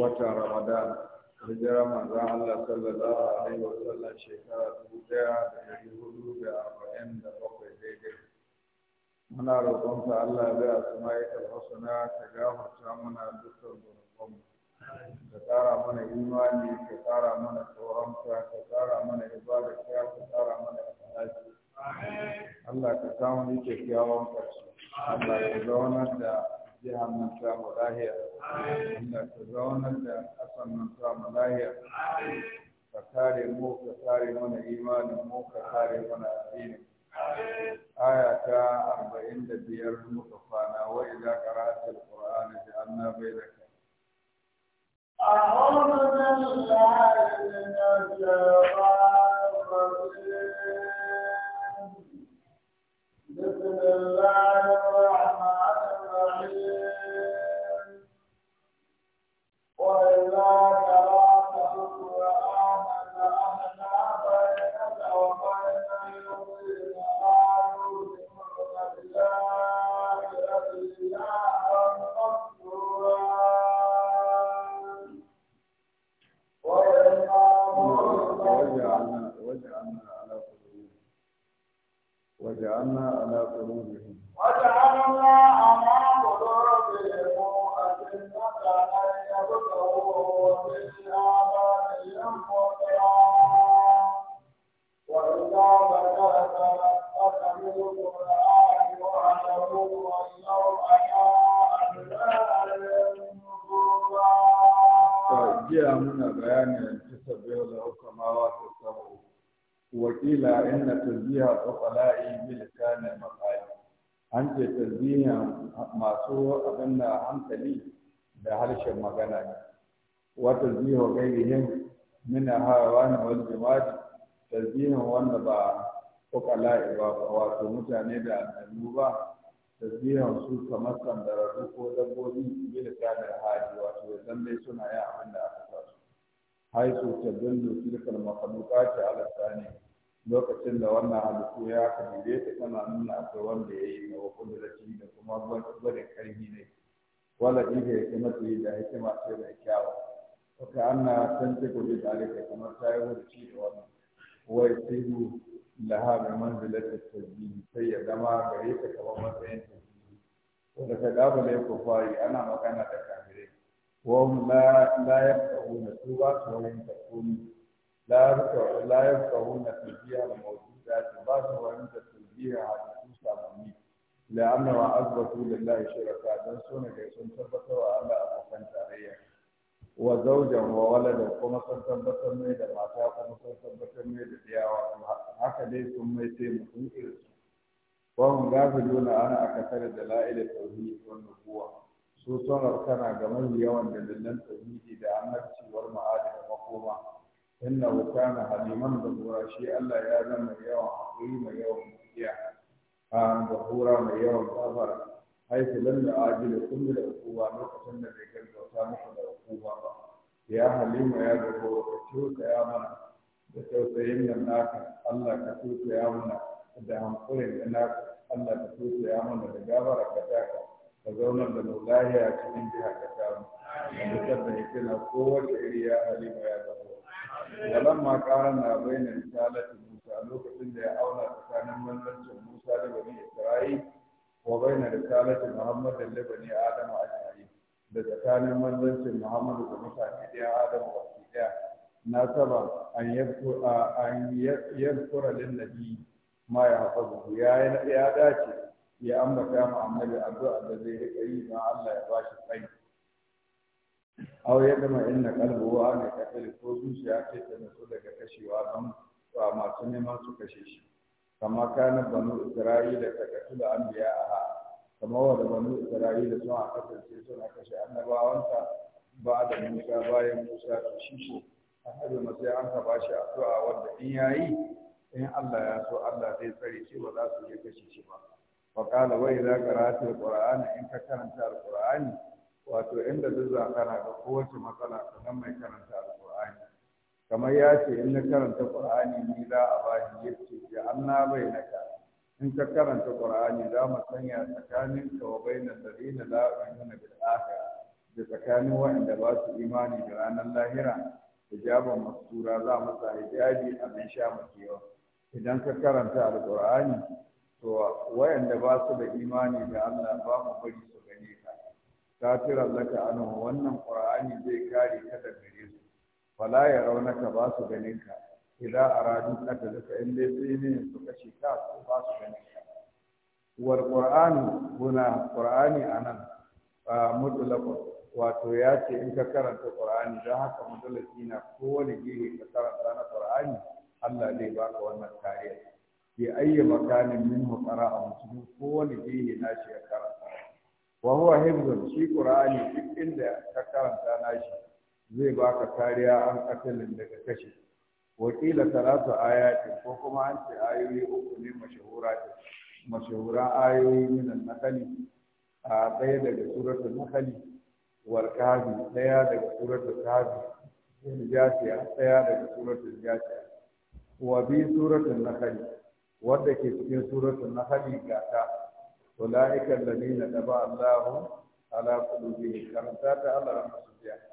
wata ramadan hijira manzan Allah sallallahu alaihi wa sallam shekara dubu daya da dari hudu da arba'in da bakwai daidai muna roƙonka Allah zai bai asma'i al na ta gafarta mana dukkan zunubanmu ka tsara mana imani ka tsara mana tsoronka ka tsara mana ibadata, ka tsara mana akhlaqi Allah ka samu ni kyakkyawan ƙarshe Allah ya zaunar da jihar nan ta mu lahiya Allah ka zaunar da ƙasar nan samu lahiya ka kare mu ka kare mana imanin mu ka kare mana addinin aya ta arba'in da biyar muka kwana wa idza qara'ta al-qur'an ja'alna bainaka أعوذ بالله من الشيطان الرجيم بسم الله الرحمن وجعلنا على قلوبهم وجعلنا على jiya muna bayanin tasabbihu lahu samawati sab'u wa qila inna tasbiha qala'i bil kana maqali an ce tasbiha masu abinda hankali da harshen magana ne wata zihu gairihin min wani wal da tazihin wanda ba kokala ba wato mutane da annabu ba da tazihin su kamar sandararru ko dabbobi bi da kamar hali wato ya dai suna yin abin da aka sa su haisu tadallu tilkal ce ala ne lokacin da wannan halittu ya kamile ta tana nuna akwai wanda ya yi na wakil da kuma gwada karfi ne wala ɗiga ya kuma yi da hikima ce da kyawu wata anna san ta gobe da alika kamar ta yi wurci da wannan wai sihu laha bi ta tasbihi sai ya zama gare ta kamar matsayin tasbihi wanda ka gaba da ku fari ana magana da kafirai wa hum la la yafqahuna su ba su wani tasbihi la na yafqahuna tasbiha al-mawjudat ba su wani tasbiha la'anna wa azbatu lillahi shuraka dan suna na sun tabbatar wa Allah abokan tarayya wa zawjan wa walada kuma sun tabbatar mai da mata kuma sun tabbatar mai da diyawa haka dai sun mai taimakon irin su wa hum gafiluna ana akasar da la'ila da wa nubuwa su sun rarkana ga mai yawan dalilan tauhidi da annabci wal ma'adi da makoma inna kana haliman da shi Allah ya zama yawan hakuri mai yawan mutiya an gafura mai yawan gafara haifu lan da ajila kullu da ukuwa lokacin da bai gaggauta muku da ukuwa ba ya halima ya gafo ka tausaya mana da tausayin nan naka Allah ka tausaya mana da hankulin da naka Allah ka tausaya mana da gafara ka taka ka zaunar da mu a cikin jiha ka samu ka fitar da hikima kowace iri ya halima ya gafo lamma karana bainar misalati Musa lokacin da ya auna tsakanin manzancin mu. موسى لبني إسرائيل muhammad رسالة محمد لبني a أجمعين da tsakanin manzancin Muhammadu da mutane ɗaya Adam baki ɗaya na saba an yadkura lin nabi ma ya hafazu ya ya dace ya ambata mu annabi addu'a da zai rika yi don Allah ya bashi tsayi aw ya dama inna qalbu wa ana kafir ko zuciya ce ta nasu daga kashewa don ba masu neman su kashe shi kama kana banu isra'ila ta da anbiya a kama wanda banu isra'ila sun a kasance suna kashe annabawanta ba da musa bayan musa ta shi annabi masai an ka bashi addu'a wanda in yayi in Allah ya so Allah zai tsare shi ba za su iya kashe shi ba wa wai wa idza qara'ta alqur'ana in ka karanta alqur'ani wato inda duk za kana ga kowace matsala ka mai karanta kamar ya ce in na karanta qur'ani ni za a ba yace ya anna bai naka in ka karanta qur'ani za mu sanya tsakanin ka wa bainal ladina la yu'minuna bil akhirah da tsakanin waɗanda ba su imani da ranar lahira hijaban mastura za mu sa hijabi abin sha makewa idan ka karanta alƙur'ani to waɗanda ba su da imani da Allah ba mu bari su gane ka satirar a anhu wannan kur'ani zai kare ka gare su fala ya raunaka ba su ganin ka idza aradu qatalaka in dai sai ne su kashe ka su ba su ganin ka wal qur'anu huna qur'ani anan mutlaqun wato ya ce in ka karanta qur'ani don haka mudallaki na kowane gehe ka karanta na qur'ani Allah zai baka wannan kariya bi ayyi makanin minhu qara'a cikin kowane gehe na shi ya karanta wa huwa hibzun shi qur'ani duk inda ka karanta na shi zai baka kariya an katalin daga kashe wakila salatu ayati ko kuma an ce ayoyi uku ne mashahura mashahura ayoyi minan nakali a ɗaya daga suratul nakali wal kahfi ɗaya daga suratul kahfi jasiya ɗaya daga suratul jasiya wa bi suratul nakali wanda ke cikin suratul nakali ga ta ulaika alladhina taba Allahu ala qulubihim karanta ta Allah rahmatullahi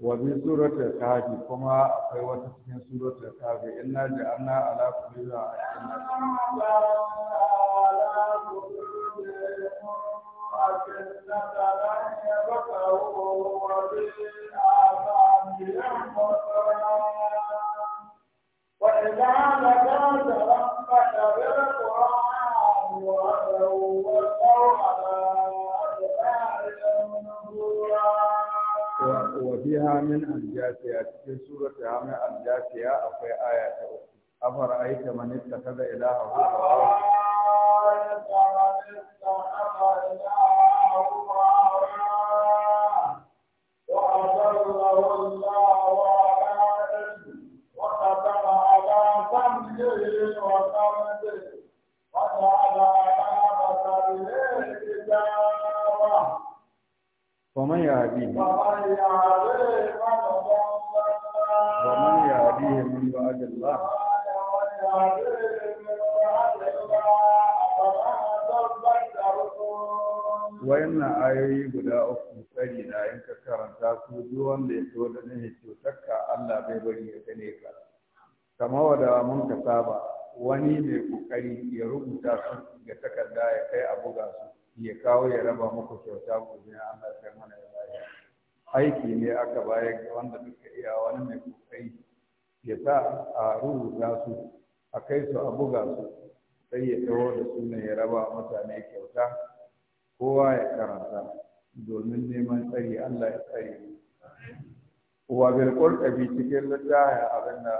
wa bi ta kahfi kuma akwai wata cikin suratul kahfi inna ja'alna ala kulli وإذا ذكرت ربك بالقرآن وأدعوه fiha min anjasiya cikin surata ha min anjasiya akwai aya ta uku afara aita man ittakhadha ilaha hawa ومن يهديه ومن يهديه من بعد الله wayannan ayoyi guda uku tsari na in ka karanta su duk wanda ya so da nahi cutarka Allah bai bari ya gane ka kama wada mun ka saba wani mai kokari ya rubuta su ga takarda ya kai a buga su ya kawo ya raba muku kyauta gobe an harkar mana ya bayar aiki ne aka bayar ga wanda duka iya wani mai kokari ya sa a rubuta su a kai su a buga su sai ya taho da sunan ya raba mutane kyauta kowa ya karanta domin neman tsari Allah ya tsare wa bil qurbi cikin littafin abin da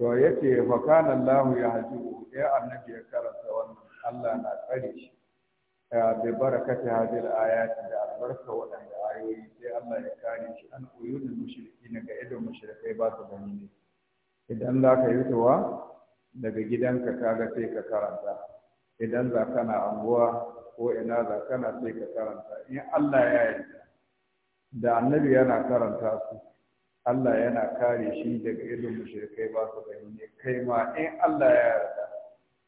to yace fa kana Allah ya haji ya annabi ya karanta wannan Allah na tsare shi bi barakati hadil ayati da albarka waɗanda ayoyi sai Allah ya kare shi an uyunin mushriki na ga idon mushrikai ba su gani ne idan za ka yi tuwa daga gidanka kaga sai ka karanta idan za kana anguwa ko ina za kana sai ka karanta in Allah ya yarda da annabi yana karanta su Allah yana kare shi daga idon mushrikai ba su gani ne kai ma in Allah ya yarda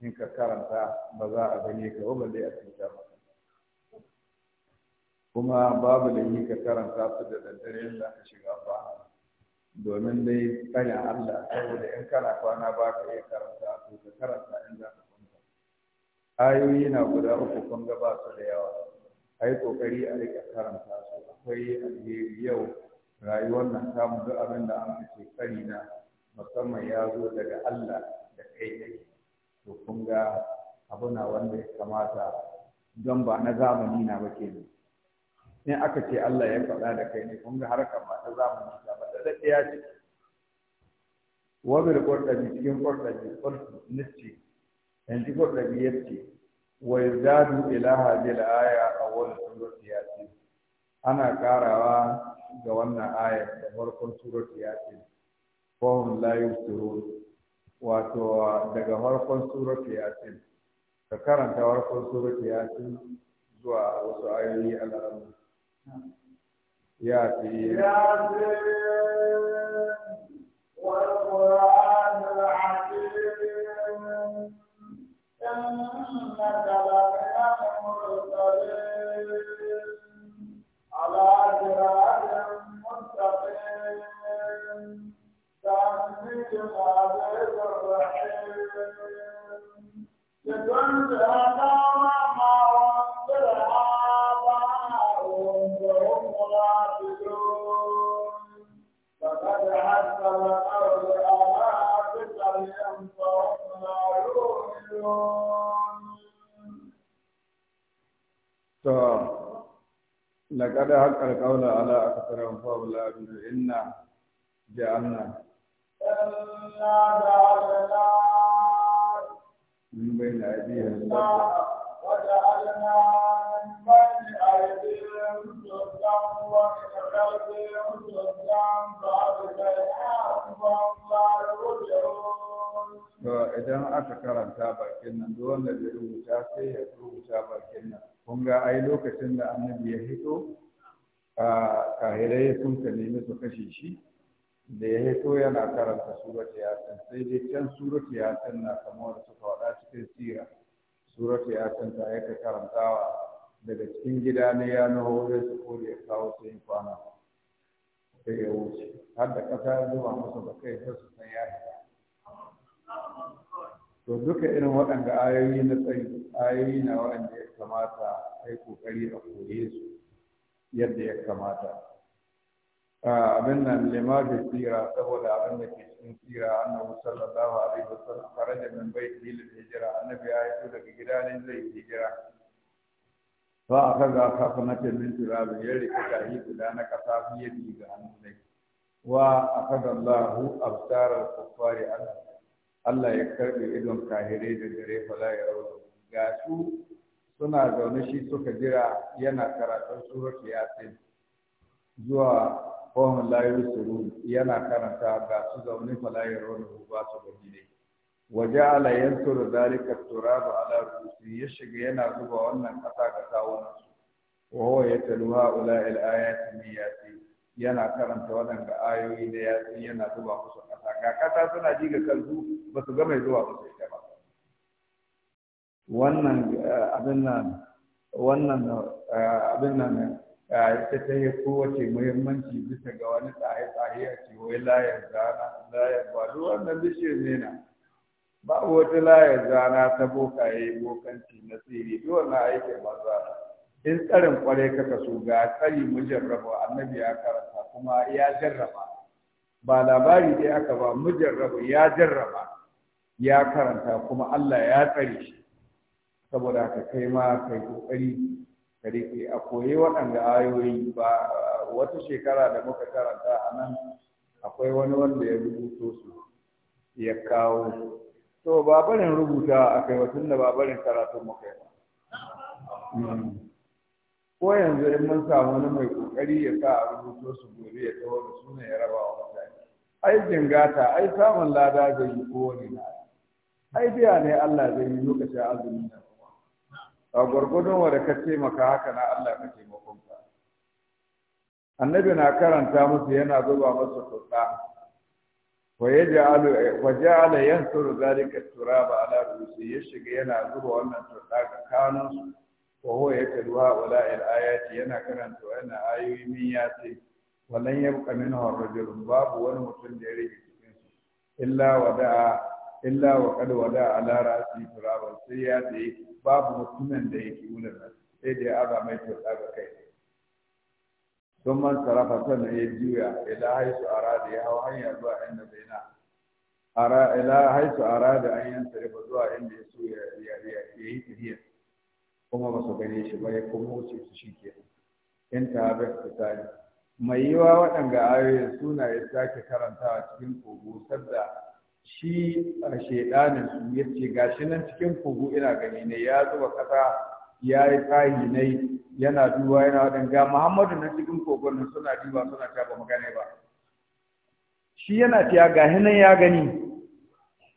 in ka karanta ba za a gane ka ba balle a cuta ba kuma babu da yi ka karanta su da daddare za ka shiga ba domin dai tsayin Allah saboda in kana kwana ba ka iya karanta to ka karanta in za ka kwanta ayoyi na guda uku kun ga ba su da yawa yi kokari a rika karanta su akwai alheri yau rayuwar nan ta mu duk abin da an ce kari na musamman ya zo daga Allah da kai kai to kun abu na wanda ya kamata don ba na zamani na ba kenan in aka ce Allah ya faɗa da kai ne kun ga harkar ba ta zamani ta ba da ya ce wabil qurdabi cikin qurdabi qurdu nisti yanzu qurdabi yace wa yazadu ilaha bil aya awwal surati yasin ana karawa ga wannan ayar da farkon surati yasin fahum la yusirun wato daga farkon surati yasin ka karanta farkon surati yasin zuwa wasu ayoyi Allah ياسين ياسين والقرآن العظيم إنك لمن المرسلين على صراط مستقيم تنزيل العزيز الرحيم لتنزل لقد حق القول على أكثرهم فهم لا يؤمنون إنا جعلنا إنا جعلنا من بين أيديهم وجعلنا من بين أيديهم سدا ومن خلفهم سدا فأبصرناهم فهم لا يرجعون. إذا أتكرم تابع كنا دون الذي يرجع فيه يرجع تابع كنا. kun ga ai lokacin da annabi ya hito kahirai sun ka nemi su kashe shi da ya hito yana karanta suratu yasin sai dai can suratu yasin na kamar suka wada cikin sira suratu yasin ta aika karantawa daga cikin gida na ya naho su ko da ya kawo su yin kwana sai ya wuce har da ƙasa ya zuba masa da kai sai su san ya to duka irin waɗanda ayoyi na tsari ayoyi na waɗanda ya kamata a yi ƙoƙari a koye su yadda ya kamata abin nan lima tsira saboda abin da ke cikin tsira annabi sallallahu alaihi wasallam faraja min baiti lil hijra annabi ya yi daga gida ne zai hijira fa aka ga kafanatin min turabin ya rike yi guda na kasa fiye da hannu ne wa aka ga hu? absarar kuffari Allah Allah ya karbe idon kahire da dare fala ya rawu ga su suna zaune shi suka jira yana karatun surat yasin zuwa fahim layu suru yana karanta ga su zaune fala ya rawu ba su gani ne waje ala yansur zalika turabu ala rusi ya shiga yana zuba wannan kasa ga sawunan su wa huwa yataluha ula al ayati yana karanta waɗanda ayoyi da yasin yana zuba musu kasa ga kasa suna ji ga kalbu ba su gama zuwa ba sai ba wannan eh, abin nan wannan eh, abin nan eh, ita ta yi kowace muhimmanci bisa ga wani tsaye-tsaye a ce layar zana layar ba duk wannan bishiyar ne na ba wata layar zana ta bokaye bokanci na tsiri duk wannan aikin maza in tsarin kwarai ka kaso ga tsari mujarraba annabi ya karanta kuma ya jarraba ba labari dai aka ba mujarraba ya jarraba ya karanta kuma Allah ya tsare shi saboda ka kai ma kai kokari ka rike a koyi waɗanda ayoyi ba wata shekara da muka karanta a nan akwai wani wanda ya rubuto su ya kawo to ba barin rubuta a kai wasu da ba barin karatu muka yi ba hmm. ko yanzu in mun samu wani mai kokari ya sa a rubuto su gobe ya tawo da suna ya raba wa mutane ai jingata ai samun lada zai yi kowane na ai biya ne Allah zai yi lokacin azumin kuma. a gwargwadon wa da ka taimaka haka na Allah ka taimakon ka annabi na karanta musu yana zuba masa tsotsa wa ja'ala yansuru zalika turaba ala rusi ya shiga yana zuba wannan tsotsa ga kanun su wa huwa yatluha wala ayati yana karanta wannan ayoyi min yasi wallan yabqa minhu ar-rajul babu wani mutum da ya rage cikin su illa wada'a illa wa qad wada ala ra'si turaba sai ya tsaye babu mutumin da yake wurin nan sai da ya aza mai tota ga kai don man sarrafa sannan ya juya ila haisu arada ya hau hanya zuwa inda bai ara ila haisu arada an yan ba zuwa inda ya so ya yi tafiya kuma ba su gane shi ba ya kuma wuce su shi ke in ta haɓe mai yiwa waɗanga ayoyin suna ya sake karantawa cikin kogo sabda shi a shaidanin su ya ce gashi nan cikin kogo ina gani ne ya zuba kasa ya yi tsahi ne yana duba yana wadan ga muhammadu na cikin kogon nan suna duba suna ta ba magana ba shi yana cewa gashi nan ya gani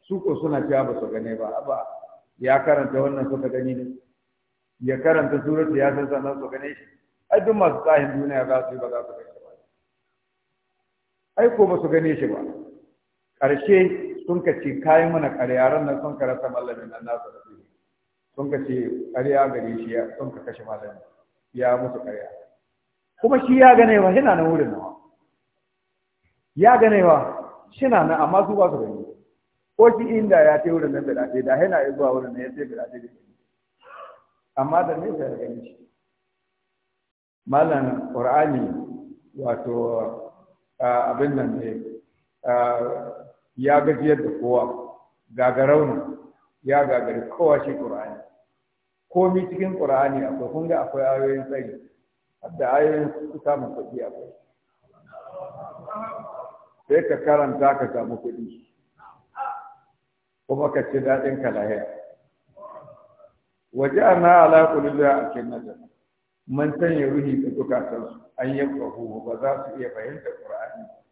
su ko suna cewa ba su gane ba ba ya karanta wannan suka gani ne ya karanta surar da ya san sannan su gane shi ai duk masu tsahin duniya za su yi ba za su gane ba ai ko ba su gane shi ba ƙarshe sun ka ce kayi mana ƙaryaran nan sun ka rasa mallamin nan nasu da su sun ka ce ƙarya gare shi sun ka kashe mallamin ya musu ƙarya kuma shi ya gane wa yana nan wurin nawa ya gane wa shi na nan amma su ba su gani ko shi inda ya ce wurin nan da dace da yana ya zuwa wurin nan ya ce da dace da amma da ne ya gani shi malam qur'ani wato abin nan ne ya gajiyar da kowa gagarau ne, ya gagari kowa shi ƙur'ani komi cikin ƙur'ani akwai kun ga akwai ayoyin tsari da ayoyin su samun kuɗi akwai sai ka karanta ka samu kuɗi kuma ka ci daɗin ka lahiya waje ana na kulilla a cikin nazar man sanya ruhi da zukatansu an yi ba za su iya fahimtar ƙur'ani ba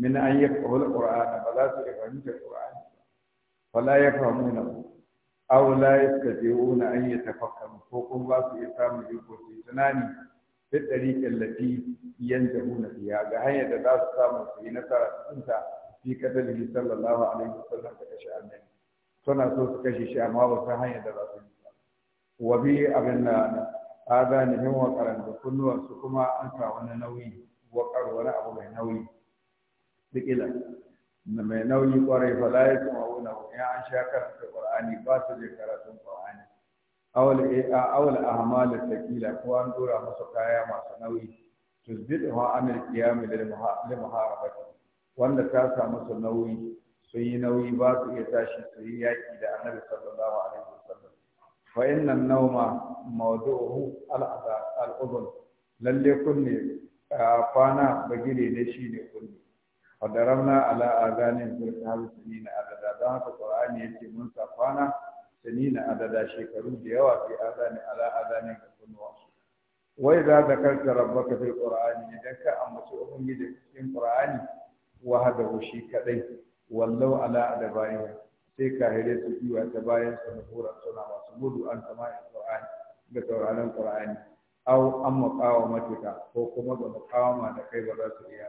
min an yaqbul qur'ana ba za su iya fahimtar qur'ani fala yafhamuna aw la yastajiuna an yatafakkaru ko kuma ba su iya samun iko su tunani fi tariqin lati yanjahuna fiha ga hanyar da za su samu su yi nasara cikin ta fi qatalihi sallallahu alaihi wasallam da kashe annabi suna so su kashe shi amma ba san hanyar da za su yi wa bi abin da adanihim wa karanta kunnuwansu kuma an sa wani nauyi wa wani abu mai nauyi mai nauyi kwarai fa la yakum auna ya an sha karanta qur'ani ba su je karatun qur'ani awal a awal ahmal sakila ko an dora masa kaya masu nauyi tuzbidu ha amil qiyam lil muharabati wanda ta samu nauyi sun yi nauyi ba su iya tashi su yi yaki da annabi sallallahu alaihi wasallam fa inna an-nawma mawdu'uhu al-adha lalle kunne kwana bagire ne shine kunne fadaramna ala azanin firkahu sanina adada don haka qur'ani yake mun sa kwana sanina adada shekaru da yawa fi azanin ala azanin ga Wai wa idza zakarta rabbaka fil qur'ani idan ka ambaci ubangiji cikin qur'ani wahdahu shi kadai wallau ala adabayin sai kahire su kiwa ta bayan su hura suna masu gudu an kama qur'ani ga sauraron qur'ani aw amma qawa matuka ko kuma ga muqawama da kai ba za su iya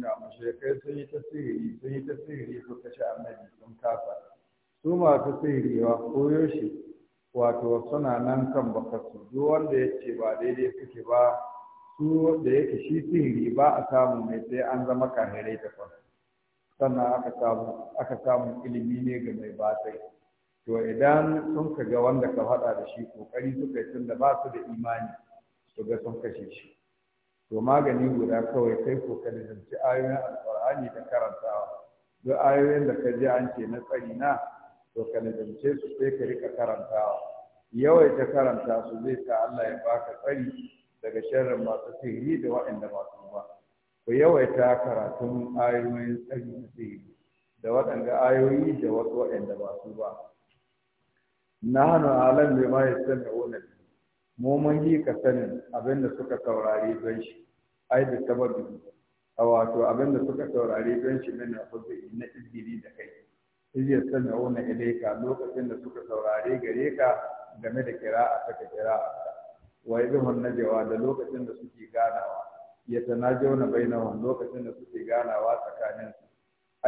shekai sun yi ta sihiri sun yi ta sihiri su kashe annabi sun kasa su masu sihiriwa koyo shi wato suna nan kan bakarsu duk wanda ya ce ba daidai suke ba su da yake shi sihiri ba a samu mai sai an zama kahirai da sannan aka samu ilimi ne ga mai batai to idan sun ga wanda ka faɗa da shi kokari suka yi tunda ba su da imani su ga sun kashe shi to magani guda kawai kai ko ka nazarci ayoyin alqur'ani da karantawa duk ayoyin da ka je an ce na tsari na to ka nazarce su sai ka rika karantawa yawai ta karanta su zai sa Allah ya baka tsari daga sharrin masu sihiri da waɗanda masu ba ku ta karatun ayoyin tsari na sihiri da waɗanda ayoyi da wasu waɗanda ba su ba nahnu alam bima yastami'una wani mu mun yi ka sanin abin da suka saurari don shi ai da sababi a wato abin da suka saurari don shi min na na izgiri da kai izya sana wuna ilaika lokacin da suka saurari gare ka game da kira'a ta ka kira'a wa idhun najwa da lokacin da suke ganawa ya tanajawna bainahum lokacin da suke ganawa tsakanin su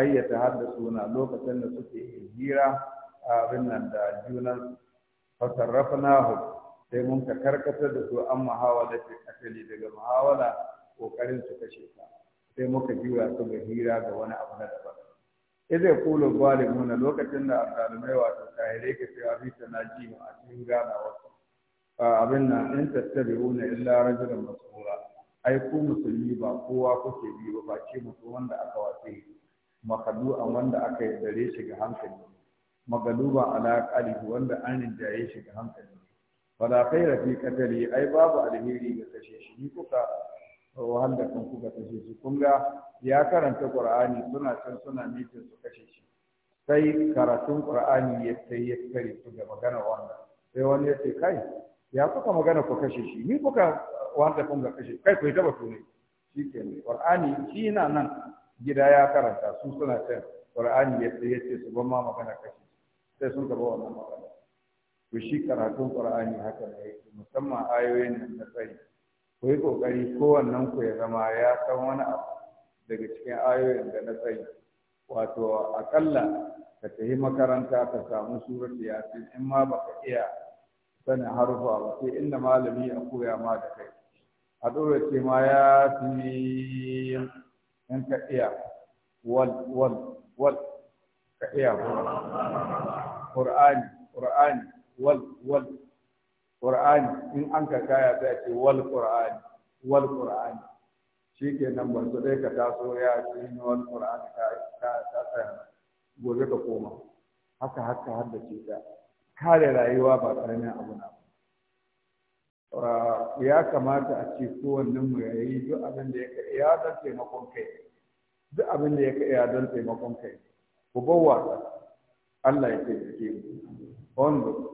ai ya ta tahaddasuna lokacin da suke hira abin nan da junan fasarrafnahu sai mun ka karkatar da su an muhawala ta asali daga muhawala kokarin su kashe ka sai muka jura su ga hira ga wani abu na daban idza yaqulu zalimuna lokacin da azalimai wato kahire ka sai na ji a cikin gana wasu abin nan in tattabi'una illa rajulan masura ai ku musulmi ba kowa kuke bi ba ce mutum wanda aka wace makadu'an wanda aka yaddare shi ga hankali magaluba ala wanda an rinjaye shi ga hankali wala khaira fi qatali ai babu alheri ga kashe shi ni kuka wanda kan kuka kashe shi kun ga ya karanta qur'ani suna can suna mitin su kashe shi sai karatun qur'ani ya sai ya kare su ga magana wannan sai wani ya ce kai ya kuka magana ku kashe shi ni kuka wanda kun ga kashe kai ku yi taba tunai shikenan qur'ani shi na nan gida ya karanta su suna can qur'ani ya sai ya ce su ban ma magana kashe sai sun gaba wannan magana Ku shi karatun qur'ani haka ne musamman ayoyin nan na tsari ku yi ko kowannen ku ya zama ya san wani abu daga cikin ayoyin da na tsari wato akalla ka tafi makaranta ka samu ya yasin in ma baka iya sanin harufa ba sai inda malami a koya ma da kai a ɗora ce ma ya fi in ka iya wal wal wal ka iya qur'ani wal wal qur'ani in an ka kaya sai a ce wal qur'ani wal qur'ani Shi ke nan ba su dai ka taso ya ce wal qur'ani ka ka ta gobe ka koma haka haka har da ce ta kare rayuwa ba karamin abu na ya kamata a ce wannan mu yayi duk abin da ya don taimakon kai duk abin da ya don taimakon kai ku bawa Allah ya taimake mu wanda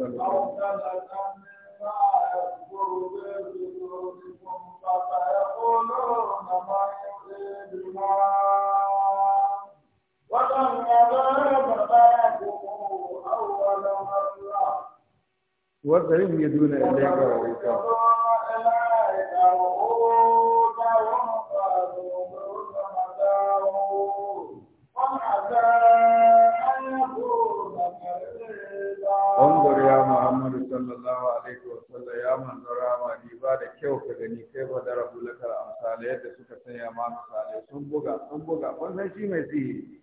وسلم وَذَرِهِمْ يَدْعُونَ إِلَيْكَ وَإِلَيْكَ wanzar ya muhammadu sallallahu alaihi wa sallam ya manzar rama ba da kyau ka gani kai ba da rabu lakar amsala yadda suka sanya ma misalai sun buga sun buga wannan shi mai sihiri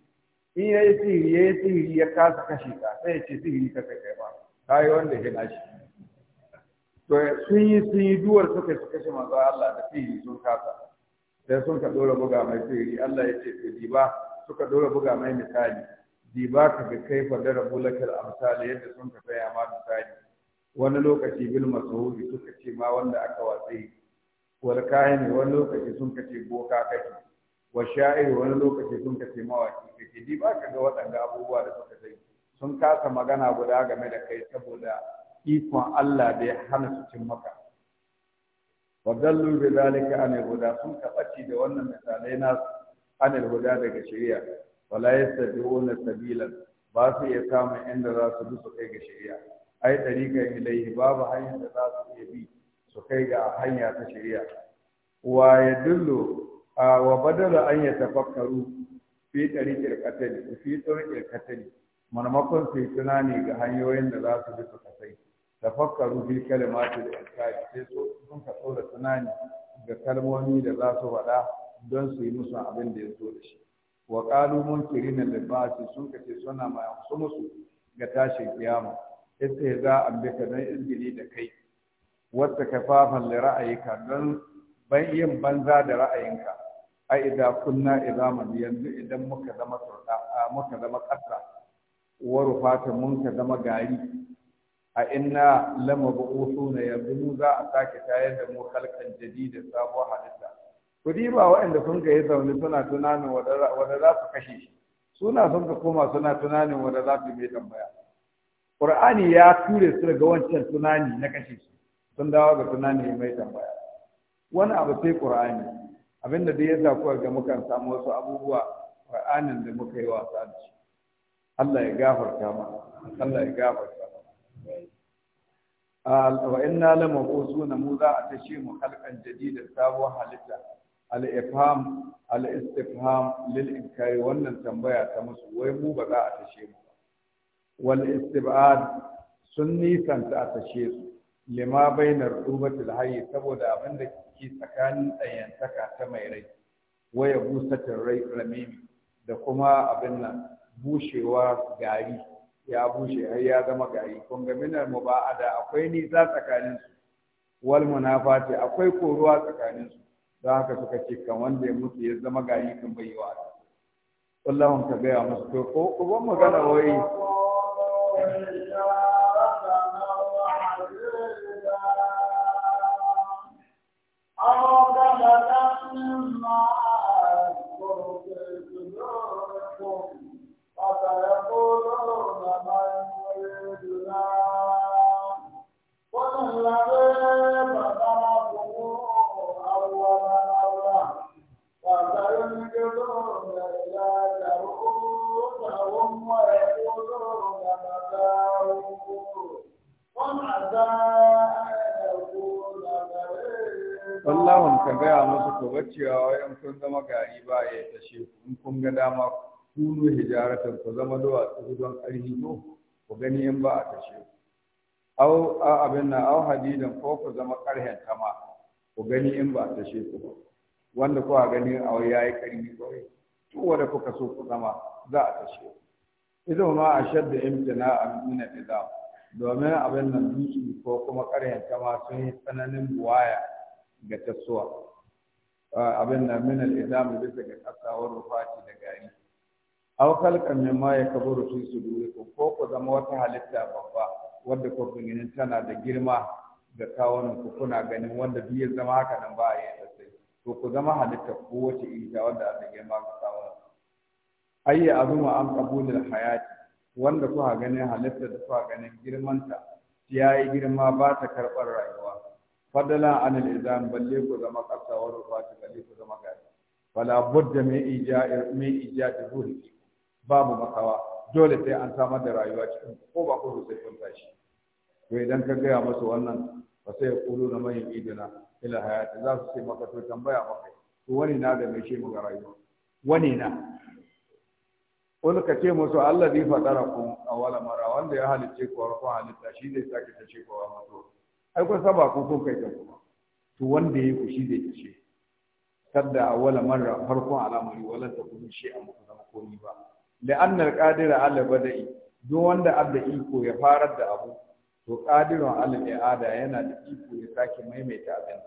in ya yi sihiri ya yi sihiri ya kasa kashi ka sai ya ce sihiri ka kai kai ba ka yi wanda ya nashi to sun yi sun yi duwar suka kashe manzo Allah da sihiri sun kasa sai sun ka dora buga mai sihiri Allah ya ce to ba suka dora buga mai misali di ba ka bi kai fa da rabu lakal amsal yadda sun ka tsaya ma misali wani lokaci bil masahuri suka ce ma wanda aka watsi wal kahini wani lokaci sun ka ce boka kake wa sha'ir wani lokaci sun ka ce mawaki kake di ba ka ga waɗanda abubuwa da suka sai sun kasa magana guda game da kai saboda ikon Allah da ya hana su cin maka wa dallu bi zalika an yuda sun ka da wannan misalai na anil huda daga shari'a wala yastabi'una sabilan ba su iya samun inda za su bi su kai ga shari'a ai tariqan ilayhi babu hanyar da za su iya bi su kai ga hanya ta shari'a wa yadullu wa badala an yatafakkaru fi tariqil qatl fi tariqil qatl manamakon su tunani ga hanyoyin da za su bi su kasai tafakkaru fi kalimati da inkari sai sun ka tsora tunani ga kalmomi da za su faɗa don su yi musu abin da ya zo da shi wa qalu munkirin libas sun kace suna ma su musu ga tashin kiyama za a bika dan izgili da kai wata kafafan li ra'ayika dan yin banza da ra'ayinka a idan kunna izaman yanzu idan muka zama turda muka zama ƙasa wa rufata mun zama gari a inna lama na yanzu mu za a sake tayar da mu halkan da sabuwar halitta ku diba waɗanda sun ka yi zaune suna tunanin wanda za su kashe shi suna sun ka koma suna tunanin wanda za su mai tambaya ƙur'ani ya ture su daga wancan tunani na kashe su sun dawo ga tunani mai tambaya wani abu sai ƙur'ani abinda da ya sa kuwa ga mukan samu wasu abubuwa ƙur'anin da muka yi wasa da shi Allah ya gafarta ma Allah ya gafarta mana wa inna lamu usuna mu za a tashe mu halkan jadidin sabuwar halitta al-ifham al-istifham lil inkari wannan tambaya ta musu wai mu ba za a tashe mu ba wal istibad sun nisanta a tashe su lima bainar rubatul hayy saboda abin da ke tsakanin ɗanyantaka ta mai rai waya busatin rai ramimi da kuma abin nan bushewa gari ya bushe har ya zama gari mu ba a muba'ada akwai nisa tsakanin su wal munafati akwai koruwa tsakanin su don haka suka ce kan wanda ya mutu ya zama gari kan bai yi wa kullum ka gaya musu to ko ku magana wai أو كما تأمن معه Allahun ka gaya musu ku cewa wayan kun zama gari ba ya tashe ku in kun ga dama kuno hijaratar ku zama duwatsu don ƙarfi to ku gani in ba a tashe ku. Au a abin na au hadidan ko ku zama ƙarhen kama ku gani in ba a tashe ku ba. Wanda a gani au ya yi ƙarfi kawai. Tuwa da kuka so ku zama za a tashe ku. Idan ma a shadda imtina a nuna izamu. domin abin nan duki ko kuma ƙaryanta ma sun yi tsananin buwaya ga tasowa abin nan min al'izami bisa ga ƙasawar rufati da gari aw khalqan mimma yakburu fi sudurikum ko ku zama wata halitta babba wadda ku ganin tana da girma da kawunan ku kuna ganin wanda biyu zama haka nan ba ya sai to ku zama halitta ko wace ita wanda aka girma ga kawunan ayya azuma an qabulul hayati wanda kuka ganin halitta da kuka ganin girmanta ya yi girma ba ta karɓar rayuwa fadala an al balle ku zama kafsa wa ta gani ku zama gari wala budda mai ijadi min ijadi ruhi babu makawa dole sai an samar da rayuwa cikin ko ba ku sai kun tashi to idan ka gaya masa wannan ba sai ya kulu na mai idina ila hayati za su ce maka to tambaya maka to wani na da mai shi mu ga rayuwa wani na Kul ka ce musu Allah zai faɗara kun a wala mara wanda ya halicce ku farkon halitta shi zai sake ce ku a mato Ai kun saba ku kun kai ta kuma. To wanda ya ku shi zai tashe. Kadda a wala mara farkon al'amari wala ta kuma shi a muku zama komi ba. Da annar ƙadira Allah bada'i duk wanda abda iko ya farar da abu to ƙadirin Allah ada yana da iko ya sake maimaita abin.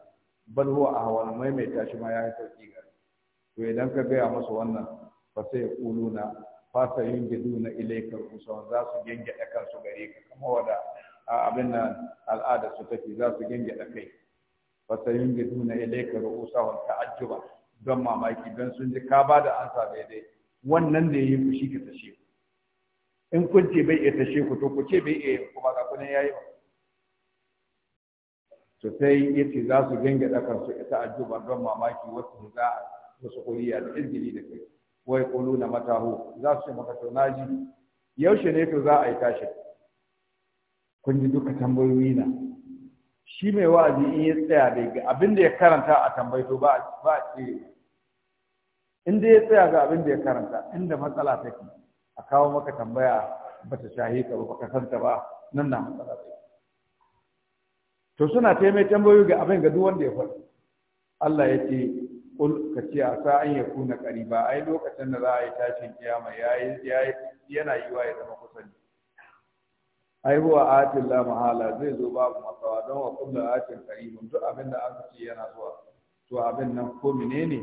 Bal huwa a maimaita shi ma ya yi sauƙi gari. To idan ka gaya masa wannan fa sai ya na. fasa yin gidu na ilaikar usawa za su genge da kansu gare ka kama wada abin nan al'ada su tafi za su genge da kai fasa yin gidu na ilaikar usawa ta'ajjuba don mamaki don sun ji ka ba da ansa daidai wannan da yayi fushi ka tashe in kun ce bai iya tashe ku to ku ce bai iya kuma ga kunan yayi ba to sai yace za su genge da ita ta'ajjuba don mamaki wasu za su kuriya da izgili da kai wai kulu na mataho za su ce maka to na ji yaushe ne to za a yi tashi kun ji duka tambayoyi na shi mai wa'azi in ya tsaya da ga abin da ya karanta a tambaito ba a ce in dai ya tsaya ga abin da ya karanta inda matsala take a kawo maka tambaya ba ta shahi ka ba ka santa ba nan na matsala take to suna taimai tambayoyi ga abin ga duk wanda ya faɗi Allah ya ce kul ka ce a sa an ya kuna ba, ai lokacin da za a yi tashin kiyama yana yiwa ya zama kusa ne ai huwa atin la mahala zai zo babu matsawa don wa kullu atin qaribun duk abin da aka ce yana zuwa to abin nan ko menene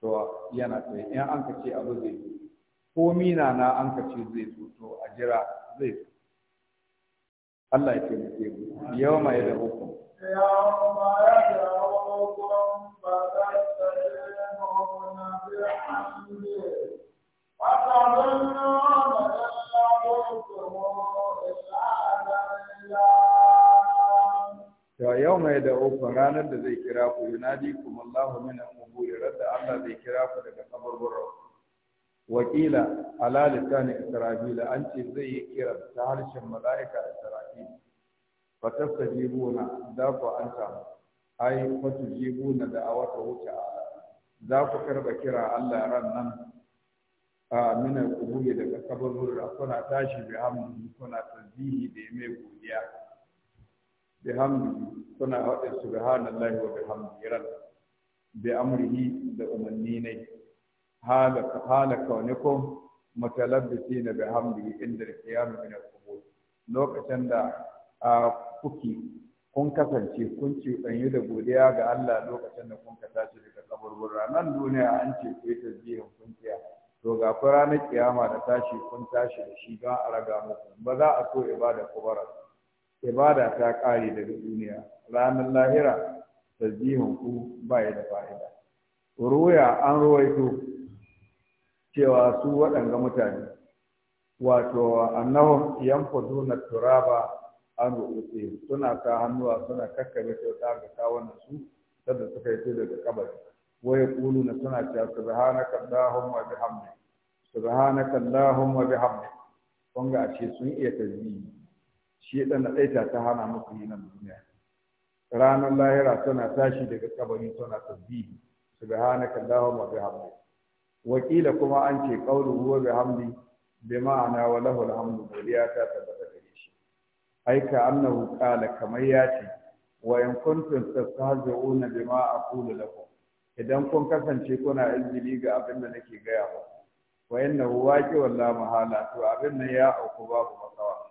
to yana tsaye in an ka ce abu zai zo ko mina na an ka ce zai zo to a jira zai zo Allah ya taimake mu yawma yadhukum yawma da ربكم yau mai da uku ranar da zai kira ku yunadi kuma Allah min al-muburi radda Allah zai kira ku daga kabarbarar wakila ala lisani israfila an ce zai yi kira ta harshen mala'ika israfila fa tastajibuna da ku an samu ai fatu jibu na da'awata wuta za ku karba kira Allah ran nan a mina kubuye daga kabarurra kuna tashi bi hamdu kuna tasbihi da ya mai godiya bi hamdu kuna haɗa subhanallahi wa bihamdi ran bi amrihi da umanni ne halaka halaka wani ko matalabbisi na bi hamdi inda qiyam min al-qubur lokacin da kuki kun kasance kun ce ɗanyu da godiya ga Allah lokacin da kun kasa ce daga kaburbura ranar duniya an ce ku yi tasbihin kun to ga ku ranar kiyama da tashi kun tashi da shi don a raga muku ba za a so ibada bara ibada ta ƙare daga duniya ranar lahira tasbihin ku ba ya da fa'ida ruya an ruwaito cewa su waɗanga mutane wato annahum yanfuduna turaba an rubuce suna sa hannuwa suna kakkabe wata ga na su tada suka yi daga kabari kulu na suna cewa subhanaka allahumma bihamdik subhanaka allahumma bihamdik kun ga ce sun iya tasbihi shi dan na daita ta hana muku yi nan duniya ranar lahira suna tashi daga kabari suna tasbihi subhanaka allahumma bihamdik wakila kuma an ce qawluhu wa bihamdi bi ma'ana wa lahu alhamdu godiya ta tabbata aika annahu qala kamar ya ce wa in kuntum tastahzi'una bima aqulu lakum idan kun kasance kuna injili ga abin da nake gaya ba wa innahu waqi walla mahala to abin nan ya auku babu masawa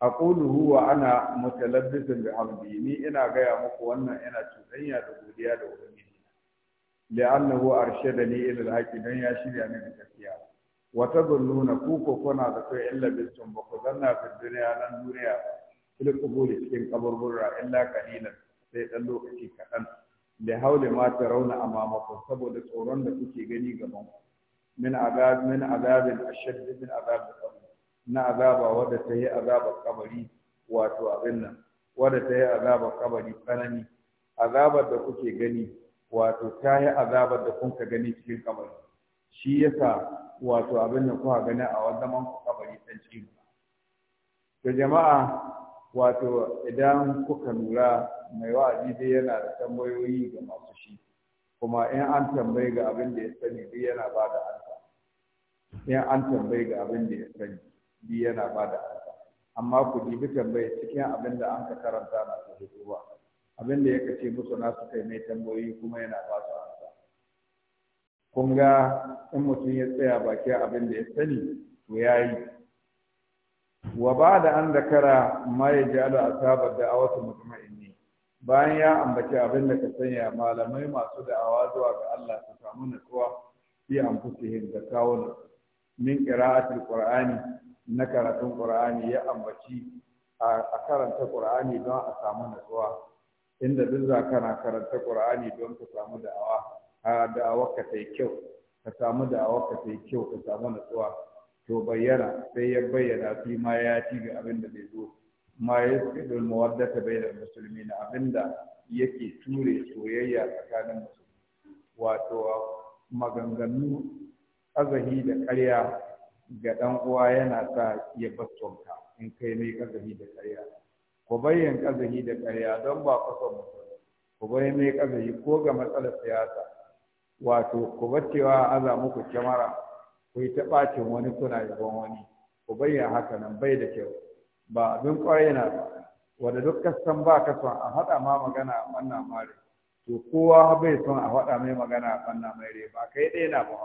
aqulu huwa ana mutalabbisun bi hamdi ni ina gaya muku wannan ina cuɗanya da godiya da ubangiji li'annahu arshadani ila al-haqi dan ya shirya ni da gaskiya wa tadhunnuna kuko ko kuna da kai illa bisun ba ku zanna fi duniya nan duniya fil quburi cikin kaburbura illa qalilan sai dan lokaci kaɗan da haule ma ta rauna amamakum saboda tsoron da kuke gani gaban min azab min azabin ashadd min azab na azaba wanda ta yi azabar kabari wato abin nan wanda ta yi azabar kabari tsanani azabar da kuke gani wato ta yi azabar da kun ka gani cikin kabari shi yasa wato abin da kuka gani a wannan zaman ku kabari dan ciwo to jama'a wato idan kuka lura mai wa'azi dai yana da tambayoyi ga masu shi kuma in an tambayi ga abin da ya sani duk yana ba da ansa in an tambayi ga abin da ya sani duk yana ba da ansa amma ku dibi tambayi cikin abin da an ka karanta na su ba abin da ya kace musu na su kai mai tambayoyi kuma yana ba su ansa kun ga in mutum ya tsaya bakin abin da ya sani to ya yi wa ba da an kara ma ya ji ala asabar da awatu mutmainni bayan ya ambaci abin da ka sanya malamai masu da'awa zuwa ga Allah su samu natsuwa fi hin da kawuna min qira'atil qur'ani na karatun qur'ani ya ambaci a karanta qur'ani don a samu nutsuwa, inda duk za kana karanta qur'ani don ka samu da'awa a da'awa ka kyau ka samu da'awa ka kyau ka samu natsuwa to bayyana sai ya bayyana fi ma ya ci ga abin da bai zo ma ya tsidul ta bayyana musulmi na abin da yake ture soyayya tsakanin musulmi wato maganganu azahi da karya ga dan uwa yana sa ya bastonka in kai mai kazahi da karya ku bayyan kazahi da karya don ba ku son musulmi ku bari mai kazahi ko ga matsalar siyasa wato ku bar cewa aza muku kyamara ku yi ta ɓacin wani kuna yabon wani ku bayyana haka nan bai da kyau ba abin ƙwarai yana ba wanda duk kasan ba ka son a haɗa ma magana a ɓanna mare to kowa bai son a haɗa mai magana a ɓanna mare ba kai ɗaya na ba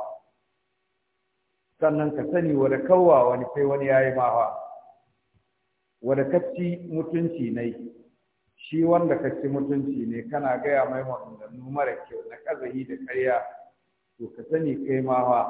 sannan ka sani wanda kawwa wani sai wani ya yi Wa wanda kacci mutunci ne shi wanda kacci mutunci ne kana gaya mai maganganu mara kyau na ƙazahi da ƙarya to ka sani kai mawa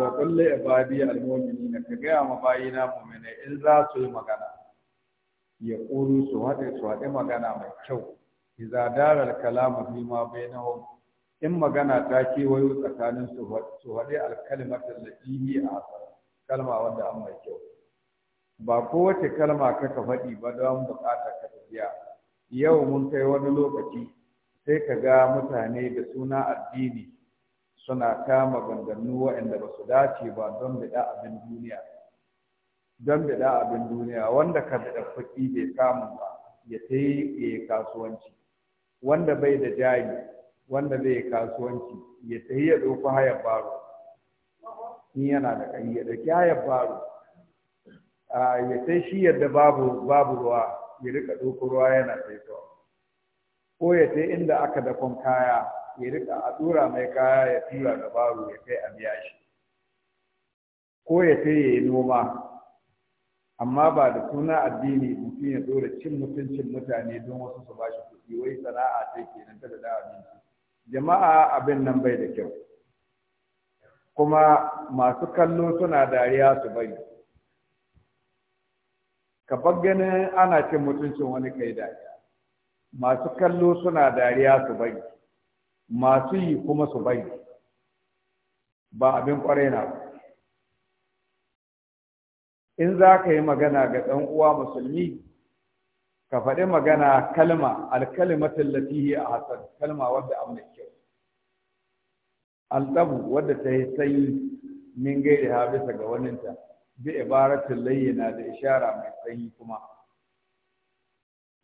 wa kulli ibadi almu'minin ka gaya ma bayina mu'mina in za su yi magana ya kuru su haɗe su hade magana mai kyau idza al kalamu fi ma bainahum in magana ta kewayo tsakanin su haɗe alkalimatul latihi a kalma wanda an mai kyau ba ko wace kalma kaka faɗi ba don buƙatar ka tafiya yau mun kai wani lokaci sai ka ga mutane da suna addini suna kama gangannu waɗanda ba su dace ba don bida abin duniya don bida abin duniya wanda ka bida kuɗi bai samu ba ya ta yi kasuwanci wanda bai da jari wanda bai kasuwanci ya ta ya ɗauki hayar baro in yana da ƙari ya ɗauki hayar baro ya ta shi yadda babu ruwa ya rika ɗauki ruwa yana saitowa ko ya je inda aka dakon kaya ya rika a dura mai kaya ya tura da baro ya kai a biya shi ko ya ce ya yi noma amma ba da suna addini mutum ya dora cin mutuncin mutane don wasu su bashi kuɗi wai sana'a ce kenan ta da abinci jama'a abin nan bai da kyau kuma masu kallo suna dariya su bari ka ganin ana cin mutuncin wani kai dariya masu kallo suna dariya su bai masu yi kuma su bai ba abin kwarai na in za ka yi magana ga ɗan uwa musulmi ka faɗi magana kalma alkalimatin latihi a hasan kalma wadda abu kyau alɗabu wadda ta yi sanyi min gaida ha bisa ga waninta bi ibaratin layyana da ishara mai sanyi kuma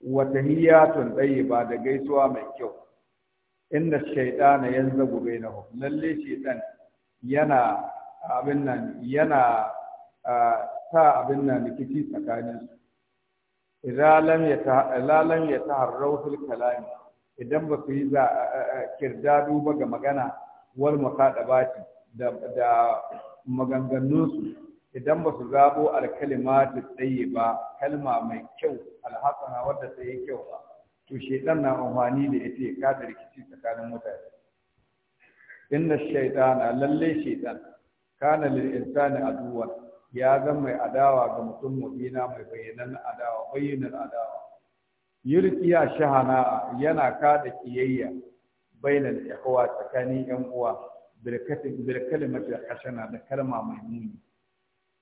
wata tun tahiyatun ba da gaisuwa mai kyau inda shaytana na hukum lalle shaytan yana abin nan yana sa abin nan rikici tsakanin su idan lam ya ta fil kalami idan ba su yi kirdadu duba ga magana wal muqadabati da da maganganun idan ba su alkalima ta tsaye ba kalma mai kyau alhassana wadda ta yi kyau ba to shaidan na amfani da ita ya kada rikici tsakanin mutane inna na lalle shaidan kana lil insani aduwa ya zama mai adawa ga mutum mubina mai bayyanan adawa bayyanan adawa shahana yana kada kiyayya bainal ikhwa tsakanin yan uwa bil kalimati hasana da kalma mai muni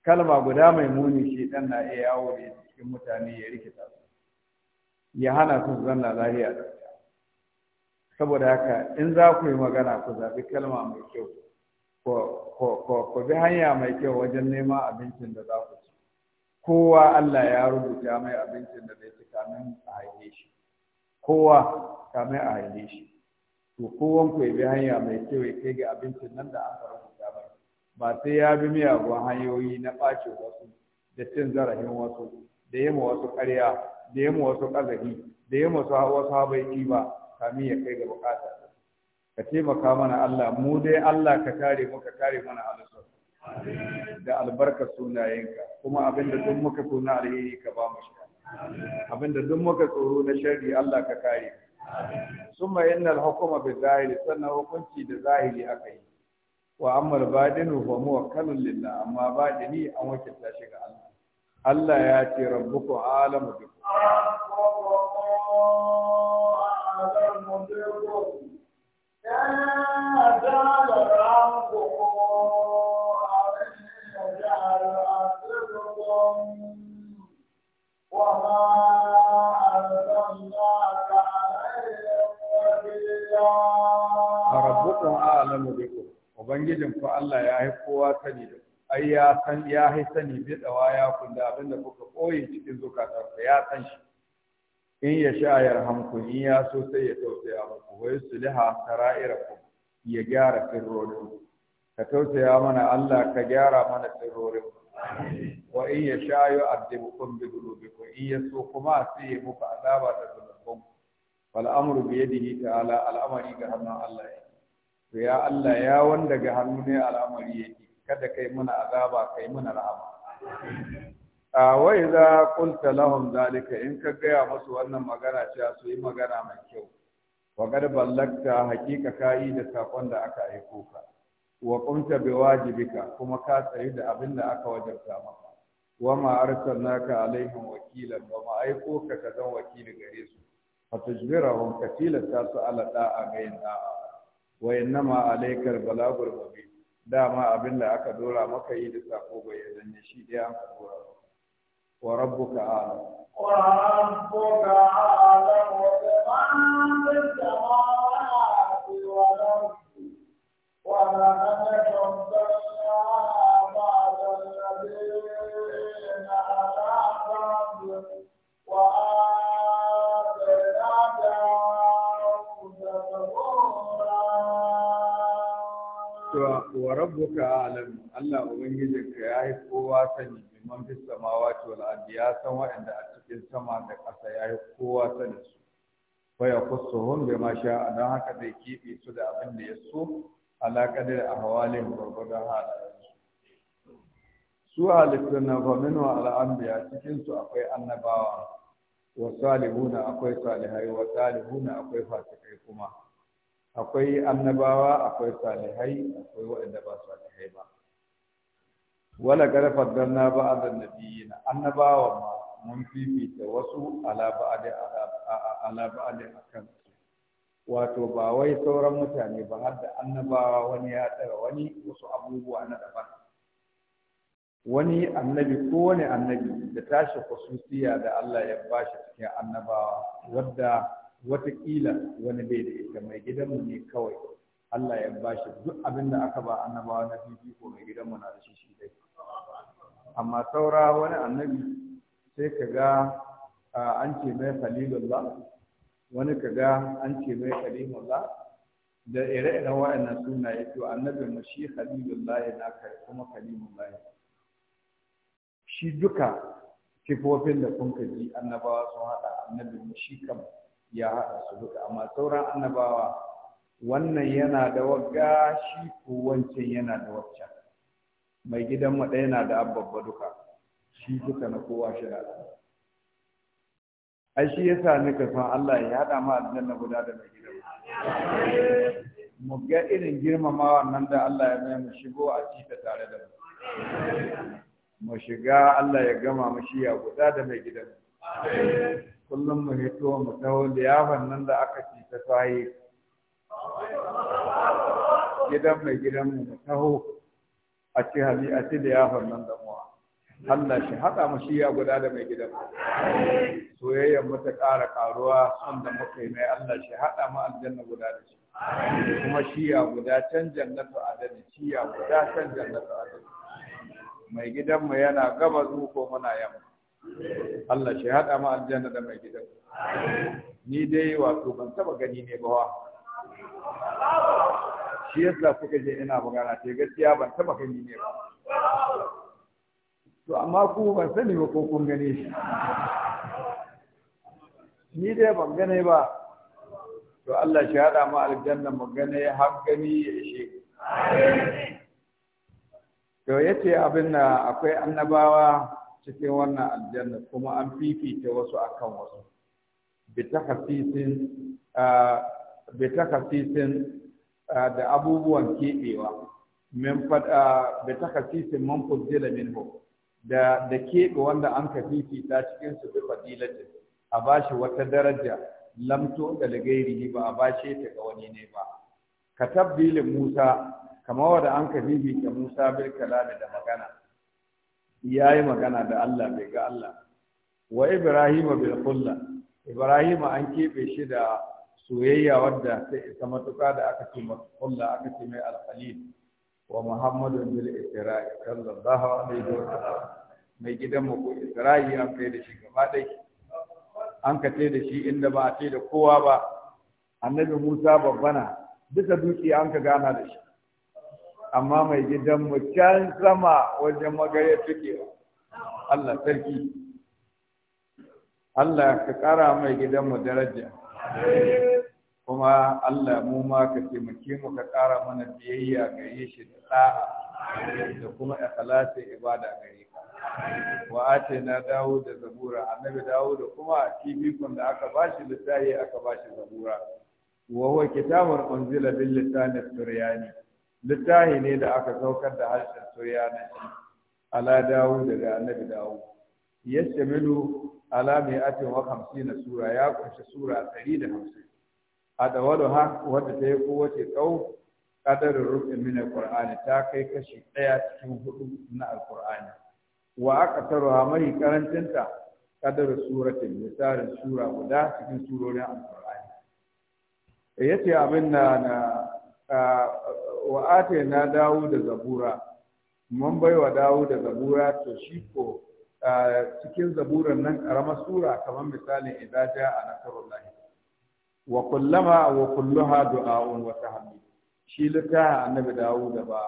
kalma guda mai muni shi dan na iya yawo da cikin mutane ya rikita su ya hana su zanna lahiya da saboda haka in za ku yi magana ku zaɓi kalma mai kyau ku bi hanya mai kyau wajen nema abincin da za ku ci kowa Allah ya rubuta mai abincin da zai ci kamin a haife shi kowa kamin a haife shi to kowan ku ya bi hanya mai kyau ya kai ga abincin nan da an ba sai ya bi miyagun hanyoyi na ɓacin wasu da cin zarafin wasu da yi ma wasu ƙarya da yi ma wasu ƙazafi da yi ma wasu habaiki ba kamin ya kai ga bukata ka taimaka mana Allah mu dai Allah ka kare mu ka kare mana halittu. da albarka sunayenka kuma abinda duk muka so na alheri ka ba mu shi abinda duk muka tsoro na sharri Allah ka kare summa innal hukuma bi zahiri sannan hukunci da zahiri aka yi wa amal badinu fa muwakkalun lillah amma badini an wakilta shi ga Allah Allah ya ce rabbuku alamu ya ربكم أعلم بكم ubangijin ku Allah ya yi kowa sani da ai ya san ya yi sani bi dawa ya da abinda kuka koyi cikin zukatar ya san shi in ya sha rahamku in ya so sai ya tausaya muku wa yusliha sara'irakum ya gyara sirrorin ka tausaya mana Allah ka gyara mana sirrorin wa in ya sha yu'adibukum bi dhunubikum in ya so kuma sai ya muku azaba da zunubanku wal amru bi yadihi ta'ala al'amari ga hannun Allah yake to ya Allah ya wanda ga hannu ne al'amari yake kada kai muna azaba kai muna rahama a wai za kunta lahum zalika in ka gaya musu wannan magana cewa su yi magana mai kyau wa gar ballakta hakika kai da sakon da aka aiko ka wa kunta bi wajibika kuma ka tsayi da abin da aka wajabta maka wa ma arsalnaka alaihim wakilan wa ma aiko ka ka zan wakili gare su fatajbirahum katilan tasu ala da'a gayin da'a wa innama alaikal balagur mubin dama abin da aka dora maka yi da sako bayanan ne shi dai an dora wa rabbuka a'lam wa rabbuka a'lam wa man fis samawati wal ardi wa la anadalla ba'da alladhina wa wa rabbuka alam Allah ubangijinka yayi kowa sani man fi samawati wal ardi ya san waɗanda a cikin sama da ƙasa yayi kowa sani su fa yakhussuhum bima sha'a dan haka zai kibi su da abin da ya so ala qadar ahwalin gurbada halayensu su halittun na fa minhu al anbiya cikin su akwai annabawa wa salihuna akwai salihai wa salihuna akwai fasikai kuma akwai annabawa akwai salihai akwai waɗanda ba salihai ba wala garfar danna ba a nabiyina annabawa ma mun fifita wasu ala ba'adi ala ba'adi akan wato ba wai sauran mutane ba har da annabawa wani ya tsara wani wasu abubuwa na daban wani annabi ko wani annabi da tashi kususiya da Allah ya bashi cikin annabawa wadda Wataƙila wani bai da ita mai gidanmu ne kawai Allah ya bashi duk abin da aka ba annabawa na ko mai gidanmu na da shi shi dai amma saura wani annabi sai ka ga an ce mai khalilullah wani ka ga an ce mai kalimullah da ire-iren waɗannan sunaye to annabi mu shi khalilullah na kuma kalimullah shi duka sifofin da kun ji annabawa sun haɗa annabi mu shi kamar ya haɗa su duka amma sauran annabawa wannan yana da wagga shi ko wancan yana da waccan mai gidan mu ɗaya na da abbabba duka shi duka na kowa shi da ai shi yasa nika san Allah ya haɗa ma aljanna guda da mai gidan mu mu ga irin girmamawa nan da Allah ya mai mu shigo a cikin tare da mu mu shiga Allah ya gama mu shi ya guda da mai gidan mu kullum mu hito mu dawo liyafan nan da aka ci ta tsaye gidan mai gidan mu mu taho a ci hali a ci liyafan nan da muwa Allah shi haɗa mu shi ya guda da mai gidan soyayyar mu ta ƙara ƙaruwa son da muka yi mai Allah shi haɗa mu aljanna guda da shi kuma shi ya guda can jannatu adani shi ya guda can jannatu adani mai gidan mu yana gaba zuko muna yamma Allah shi haɗa ma aljanna da mai gidan ni dai wato ban taba gani ne ba wa shi yasa kuka je ina magana ce gaskiya ban taba gani ne ba to amma ku ban sani ba ko kun gane shi ni dai ban gane ba to Allah shi haɗa ma aljanna mu gane har gani ya ishe to yace abin da akwai annabawa cikin wannan aljanna kuma an fifita wasu akan wasu bi takasisin da abubuwan keɓewa bi takasisin man fuddila min da da keɓe wanda an ka fifita cikin su bi fadilatin a bashi wata daraja lamto da lagairihi ba a bashi ta ga wani ne ba ka tabbilin musa kamar wanda an ka fifita musa bil kalami da magana ya yi magana da Allah bai ga Allah wa Ibrahim bil kulla Ibrahim an keɓe shi da soyayya wadda ta isa matuƙa da aka ce kulla aka ce mai alkhalil wa Muhammadun bil Isra'i sallallahu alaihi wa sallam mai gidan mu ko Isra'i an kai da shi gaba dai an ka da shi inda ba a ce da kowa ba annabi Musa babbana duka dukiya an ka gana da shi amma mai gidanmu can sama wajen magaya suke Allah sarki Allah ka ƙara mai gidanmu daraja kuma Allah mu ma ka taimake mu ka ƙara mana biyayya ga yi shi da tsaha, da kuma ikhlasin ibada gare ka wa ate na dawo da zabura annabi dawo da kuma kun da aka bashi littafi aka bashi zabura wa huwa kitabun unzila bil lisan suryani littahi ne da aka saukar da harshen soya na shi ala dawo daga annabi dawo milu ala mai ati wa hamsin sura ya kunshi sura 150 a dawado ha wadda ta yi kowace kau kadarin rubin min alqur'ani ta kai kashi daya cikin hudu na alqur'ani wa aka tarwa mai karantinta kadarin suratul misalin sura guda cikin surorin alqur'ani yace abin na na wa na dawo da zabura mun bai wa dawo da zabura to shi ko cikin zaburan nan karamar sura kamar misalin ina-ja a nasarullahi wa kullama wa kulluha du'a'un wa tahmid shi littafin annabi dawo da ba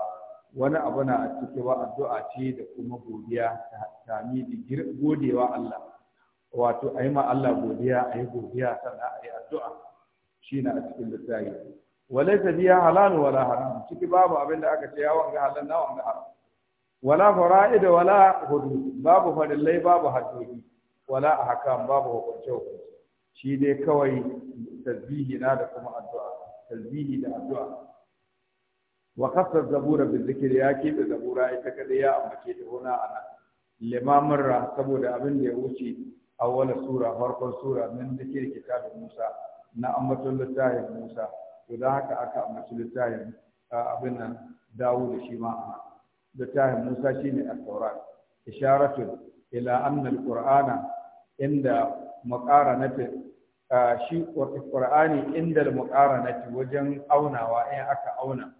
wani abu na a ciki ba addu'a ce da kuma godiya godewa Allah wato ayi ma Allah godiya ayi godiya sannan ayi addu'a shi na a cikin littafi wala ta biya halal wala haram ciki babu abin da aka ce ya wanga halal na wanga haram wala fara'id wala hudud babu farillai babu haddodi wala ahkam babu hukunce hukunce shi dai kawai tasbihi na da kuma addu'a tasbihi da addu'a wa kasar zabura bin zikiri ya da zabura ita kada ya ambace ta hona ana nan limamin saboda abin da ya wuce a sura farkon sura min zikiri kitabin musa na ambaton littafin musa to da haka aka ambaci littafin abin nan dawo da shi ma a littafin musa shi ne a taurat isharatun ila annal qur'ana inda muqaranatin shi qur'ani inda muqaranati wajen aunawa in aka auna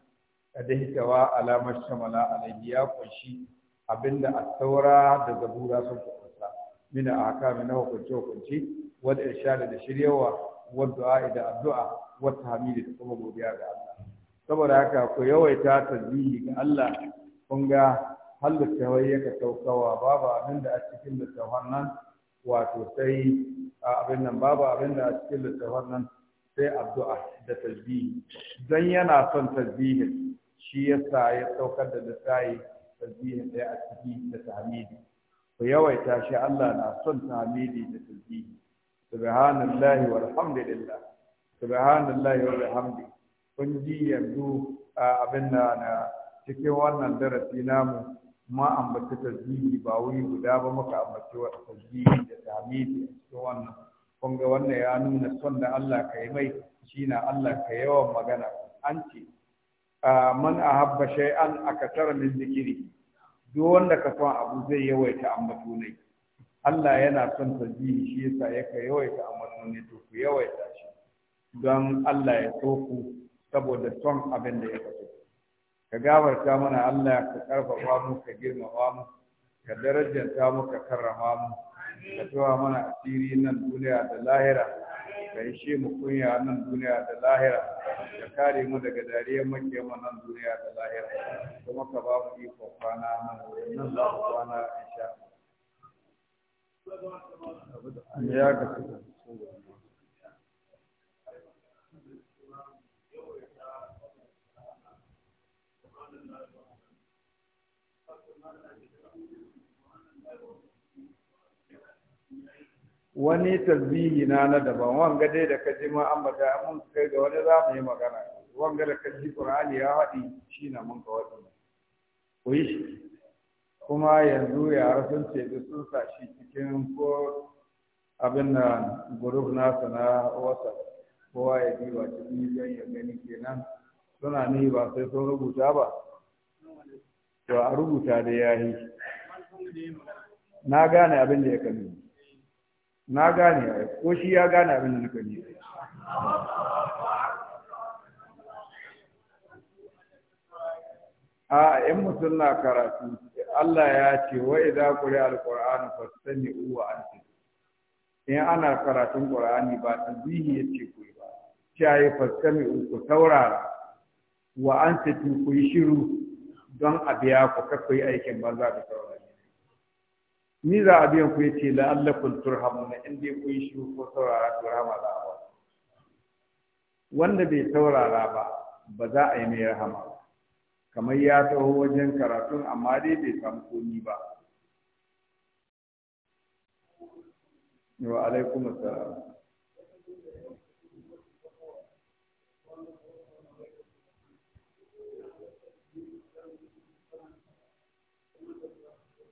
da hikawa alamar shamala alayhi ya kunshi abinda at-taura da zabura sun kunsa min a na hukunci hukunci wal irshada da shiryawa wadda da addu'a wata hamidi da kuma godiya ga Allah saboda haka ku yawaita tarbihi ga Allah kun ga halitta wai yaka taukawa babu abin da a cikin littafin nan wato sai abin nan babu abin da a cikin littafin nan sai addu'a da tasbihi Don yana son tasbihi shi yasa ya saukar da littafi tasbihi ɗaya a ciki da tahmidi ku yawaita shi Allah na son tahmidi da tarbihi. subhanallahi walhamdulillah subhanallahi wa bihamdi kun ji yanzu abin da na cikin wannan darasi namu ma ambaci tasbihi ba wuri guda ba muka ambaci wa tasbihi da tahmidi a cikin wannan kun ga wannan ya nuna son da Allah ka yi mai shine Allah ka yawan magana an ce man ahabba shay'an akasara min zikiri duk wanda ka son abu zai yawaita ambatunai Allah yana son tarbiyyar shi yasa yaka yawaita ambaton ne to ku yawaita shi don Allah ya so ku saboda son abin da ya so ka gabarta mana Allah ka karfafa mu ka girmama mu ka darajanta mu ka karrama mu ka tawa mana asiri nan duniya da lahira ka ishe mu kunya nan duniya da lahira ka kare mu daga dariyar makiyama nan duniya da lahira kuma ka ba mu iko kwana nan wurin za mu kwana insha Allah wani tasbihi na na daban wanga dai da kaji ma an bata mun kai ga wani za mu yi magana wanga da kaji qur'ani ya haɗi shi na mun ka waɗi ku yi shi kuma yanzu ya sun ce da sun sa shi cikin ko abin da guruf nasa na wasa kowa ya diba cikin don ya gani kenan suna ni ba sai sun rubuta ba to a rubuta da yi. na gane abin da ya kalli. na gane ko shi ya gane abin da na kalli? a in mutum na karatu Allah ya ce wa idza quri al-qur'anu fastami'u wa ansitu in ana karatun qur'ani ba tasbihi yace ku ba ciyaye fastami'u ku taurara. wa ansitu ku yi shiru don a biya ku kakkai aikin banza da taurari. ni za a biyan ku yace la'allakum turhamuna in dai ku yi shiru ko taurara turhama za a ba wanda bai taurara ba ba za a yi mai rahama ba kamar ya taho wajen karatun amma dai bai samu komi ba wa alaikum assalam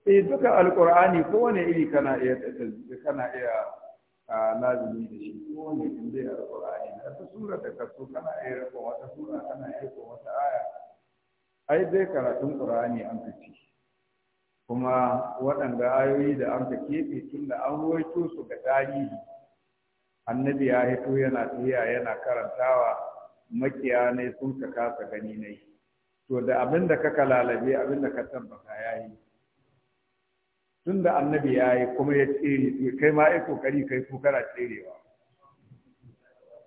eh duka alqur'ani kowane iri kana iya kana iya lazimi da shi kowane iri alqur'ani ta sura da kasu kana iya rikon wata sura kana iya rikon wata aya ai dai karatun qur'ani an fice kuma waɗanda ayoyi da an keɓe tun da an ruwaito su ga tarihi annabi ya hito yana tsaya yana karantawa makiya ne sun ka kasa gani ne to da abin da ka lalabe abin da ka tabbata ya yi tun da annabi ya yi kuma ya tsere kai ma ai kokari kai ko tserewa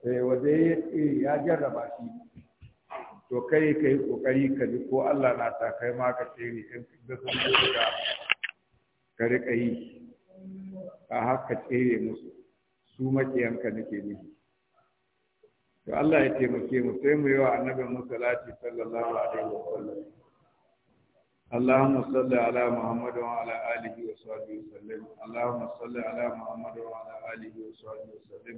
eh waje ya tsere ya jarraba shi to kai ka yi kokari ka bi ko Allah na ta kai ma ka tsere in da sun da ka rika yi a haka tsere musu su makiyanka nake nufi to Allah ya taimake mu sai mu yi wa annabi mu lati sallallahu alaihi wa sallam اللهم صل على محمد وعلى آله وصحبه وسلم اللهم صل على محمد وعلى آله وصحبه وسلم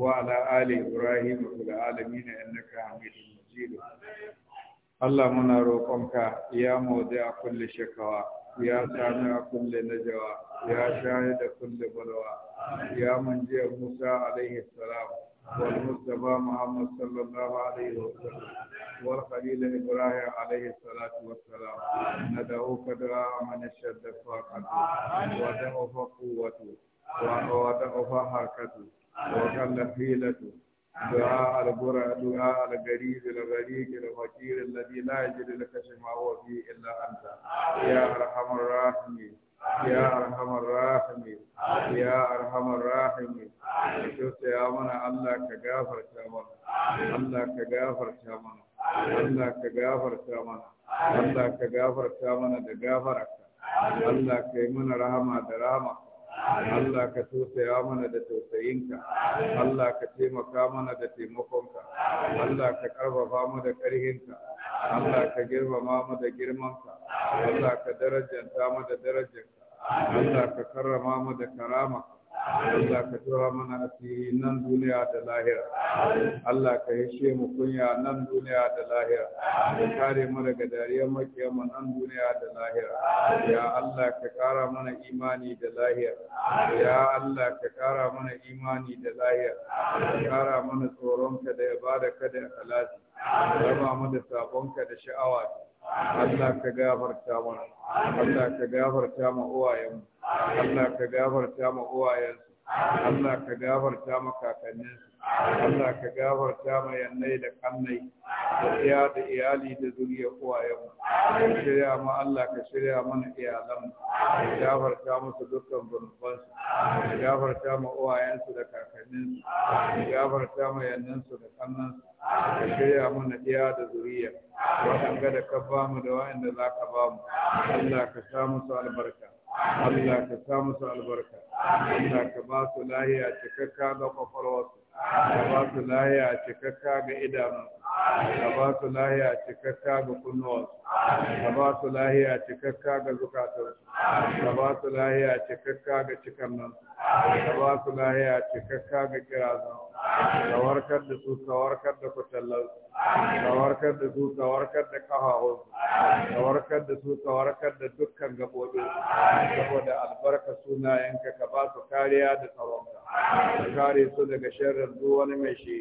وعلى آل إبراهيم في العالمين إنك حميد مجيد الله منا روقمك يا موضع كل شكوى يا سامع كل نجوى يا شاهد كل بلوى يا من جاء موسى عليه السلام والمصطفى محمد صلى الله عليه وسلم والخليل إبراهيم عليه الصلاة والسلام ندعوك دعاء من اشتد فاقته ودعوك قوته ودعوك حركته وكل حيلة دعاء البرى دعاء الغريب الغريب الفقير الذي لا يجد لك ما هو فيه إلا أنت يا أرحم الراحمين يا أرحم الراحمين يا أرحم الراحمين شفت يا من الله كغافر كامل الله كغافر كامل الله كغافر كامل الله كغافر شامن دغافرك الله كيمن رحمة درامك Allah ka tausaya mana da tausayinka Allah ka taimaka mana da taimakonka Allah ka karfafa mu da karhinka Allah ka girmama mu da girmanka Allah ka darajanta mu da darajanka. Allah ka karrama mu da karamaka Allah ka tura mana asiri nan duniya da lahira Allah ka yashe mu kunya nan duniya da lahira ka kare mu daga dariyar makiyama nan duniya da lahira ya Allah ka kara mana imani da lahira ya Allah ka kara mana imani da lahira ka kara mana tsoronka da ibada ka da ikhlasi raba mu da sabonka da sha'awa Allah ka gafarta mana Allah ka gafarta ma uwayen Allah ka gafarta ma uwayen Allah ka gafarta ma kakanninsu Allah ka gafarta ma yannai da kannai da iya da iyali da zuriya uwayen ka shirya ma Allah ka shirya mana iyalan ka gafarta musu dukkan zunubansu ka gafarta ma su da kakanninsu ka gafarta ma yannansu da kannansu ka shirya mana iya da zuriya waɗanda da ka ba mu da waɗanda za ka ba mu Allah ka sa musu albarka Allah ka sa musu albarka Allah ka ba su lahiya cikakka ga kwakwalwarsu ka ba su lahiya cikakka ga idanu ka ba su lahiya cikakka ga kunnuwansu ka ba su lahiya cikakka ga zukatansu ka ba su lahiya cikakka ga cikannansu ka ba su lahiya cikakka ga kirazansu ka warkar da su ka warkar da kutallansu ka warkar da su ka warkar da kahahunsu ka warkar da su ka warkar da dukkan gaɓoɓinsu saboda albarka sunayenka ka ba su kariya da tsaronka ka kare su daga sharrin duk wani mai shi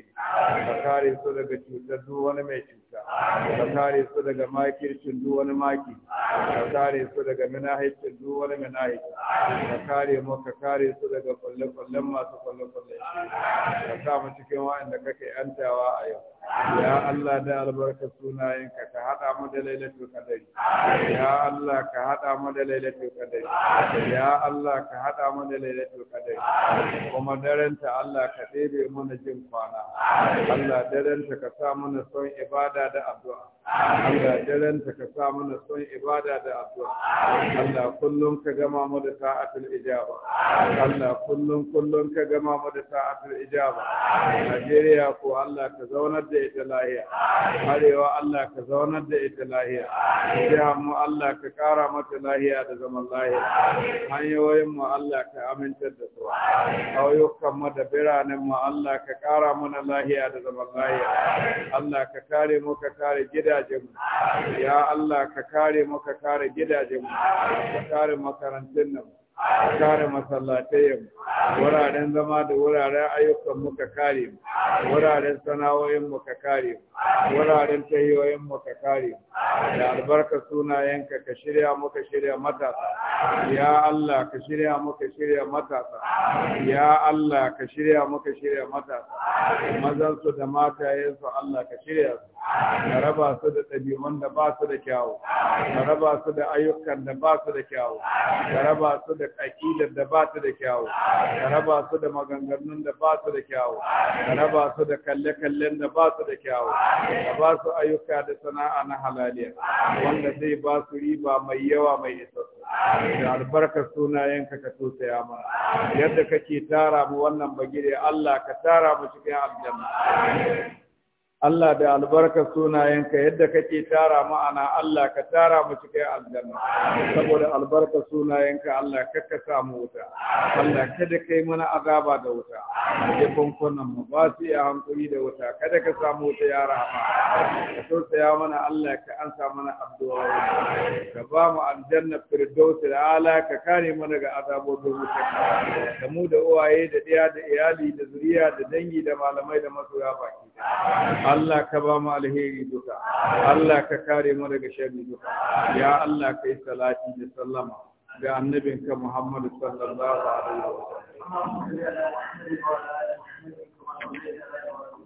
ka kare su daga cutar duk wani mai cuta ka kare su daga makircin duk wani maki ka kare su daga minahicin duk wani minahicin ka kare mu ka kare su daga kwalle-kwallen masu kwalle-kwalle ka sa mu cikin wa'anda kake yantawa a yau ya Allah da albarka sunayenka ka haɗa mu da lailatul qadari ya Allah ka haɗa mu da lailatul qadari ya Allah ka haɗa mu da lailatul qadari kuma daren ta Allah ka ɗebe mana jin kwana Allah daren ta ka sa mana son ibada ta da addu'a Allah daren ta ka sa mana son ibada da addu'a Allah kullum ka gama mu da sa'atul ijaba Allah kullum kullum ka gama mu da sa'atul ijaba Najeriya ko Allah ka zaunar da ita lahiya Arewa Allah ka zaunar da ita lahiya Jihar mu Allah ka kara mata lahiya da zaman lahiya hanyoyin mu Allah ka amintar da su ƙauyukan mu da biranen mu Allah ka kara mana lahiya da zaman lahiya Allah ka kare mu ka kare gida gidajenmu ya Allah ka kare mu ka kare gidajenmu ka kare makarantun nan ka kare masallatayen wuraren zama da wuraren ayyukan mu ka kare mu wuraren sana'o'in mu ka kare mu wuraren tahiyoyin mu ka kare mu da albarka sunayenka ka shirya mu ka shirya matasa ya Allah ka shirya mu ka shirya matasa ya Allah ka shirya mu ka shirya matasa mazan su da matayen su Allah ka shirya su ka raba su da ɗabi'un da ba su da kyawu ka raba su da ayyukan da ba su da kyawu ka raba su da aƙidar da ba su da kyawu ka raba su da maganganun da ba su da kyawu ka raba su da kalle-kallen da ba su da kyawu ka ba su ayyuka da sana'a na halaliya wanda zai ba su riba mai yawa mai isa da albarkar sunayenka ka ya ma yadda kake tara mu wannan bagire Allah ka tara mu cikin aljanna Allah da albarka sunayenka yadda kake tara ma'ana Allah ka tara mu cikin aljanna saboda albarka sunayenka Allah ka ka samu wuta Allah kada kai mana azaba da wuta ya kunkunan mu ba su iya hankali da wuta kada ka samu wuta ya rahama ka tausaya mana Allah ka ansa mana addu'a ka ba mu aljanna firdaus ala ka kare mana ga azabobin wuta da mu da uwaye da ɗaya da iyali da zuriya da dangi da malamai da masoya baki Allah ka ba mu alheri duka Allah ka kare mu daga sharri duka ya Allah kai salati da sallama ga annabinka Muhammadu sallallahu alaihi wa sallam